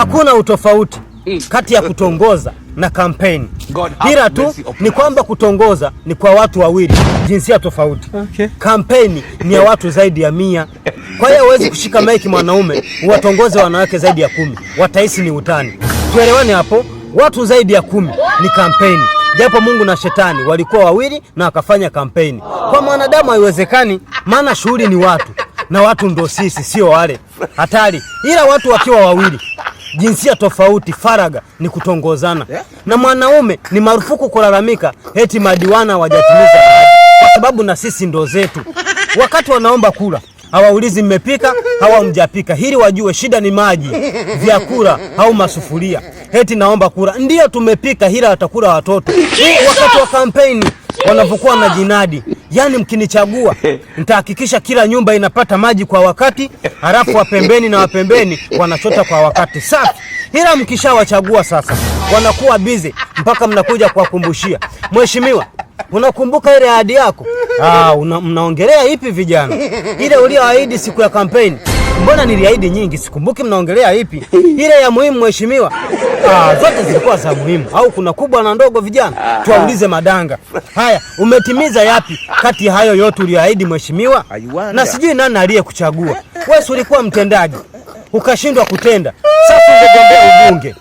Hakuna utofauti hmm. kati ya kutongoza na kampeni, ila tu ni kwamba kutongoza ni kwa watu wawili jinsia tofauti, okay. Kampeni ni ya watu zaidi ya mia. Kwa hiyo huwezi kushika maiki mwanaume uwatongoze wanawake zaidi ya kumi, watahisi ni utani. Tuelewane hapo, watu zaidi ya kumi ni kampeni, japo Mungu na shetani walikuwa wawili na wakafanya kampeni. Kwa mwanadamu haiwezekani, maana shughuli ni watu na watu ndo sisi, sio wale hatari, ila watu wakiwa wawili jinsia tofauti, faraga ni kutongozana yeah. Na mwanaume ni marufuku kulalamika eti madiwana wajatimiza kwa sababu na sisi ndo zetu. Wakati wanaomba kula hawaulizi mmepika hawa mjapika, hili wajue shida ni maji, vyakula au masufuria. Eti naomba kula, ndio tumepika, hila watakula watoto. Wakati wa kampeni wanapokuwa na jinadi, yaani mkinichagua nitahakikisha kila nyumba inapata maji kwa wakati, halafu wapembeni na wapembeni wanachota kwa wakati safi. Ila mkishawachagua sasa wanakuwa bize mpaka mnakuja kuwakumbushia, mheshimiwa, unakumbuka ile ahadi yako? Ah, mnaongelea ipi vijana? Ile uliyoahidi siku ya kampeni Mbona niliahidi nyingi sikumbuki, mnaongelea ipi? Ile ya muhimu mheshimiwa. Ah. ah, zote zilikuwa za muhimu au kuna kubwa na ndogo vijana? Ah, ah. Tuwaulize madanga. Haya, umetimiza yapi kati ya hayo yote uliyoahidi mheshimiwa? Na sijui nani aliyekuchagua. Wewe ulikuwa mtendaji ukashindwa kutenda. Sasa ungegombea ubunge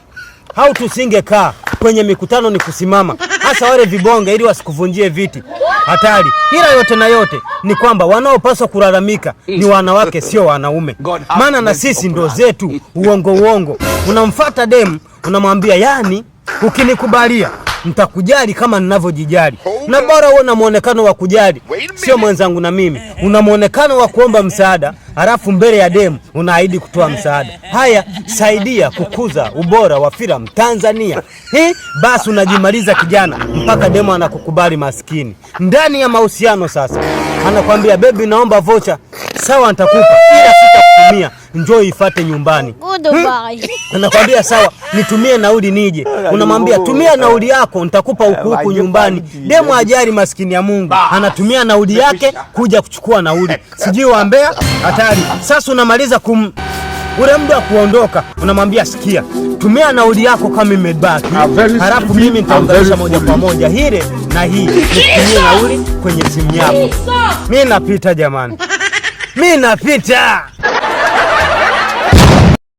au tusingekaa kwenye mikutano ni kusimama hasa wale vibonge ili wasikuvunjie viti hatari. Ila yote na yote ni kwamba wanaopaswa kulalamika ni wanawake, sio wanaume, maana na sisi ndo zetu uongo uongo. Unamfata demu unamwambia, yani ukinikubalia mtakujali kama ninavyojijali, na bora uwe na mwonekano wa kujali, sio mwenzangu na mimi una mwonekano wa kuomba msaada, halafu mbele ya demu unaahidi kutoa msaada. Haya, saidia kukuza ubora wa filamu Tanzania. basi unajimaliza kijana mpaka demu anakukubali maskini. Ndani ya mahusiano sasa anakwambia bebi, naomba vocha. Sawa, nitakupa ila sitakutumia njoo ifate nyumbani. Hmm? Anakwambia sawa, nitumie nauli nije. Unamwambia tumia nauli yako nitakupa huku huku nyumbani. Demu ajari maskini ya Mungu, anatumia nauli yake kuja kuchukua nauli, sijui wambea hatari. Sasa unamaliza kum ule muda wa kuondoka, unamwambia sikia, tumia nauli yako kama imebaki, halafu mimi nitaunganisha moja kwa moja hile na hii, nitumie nauli kwenye simu yako. Mi napita jamani, mi napita.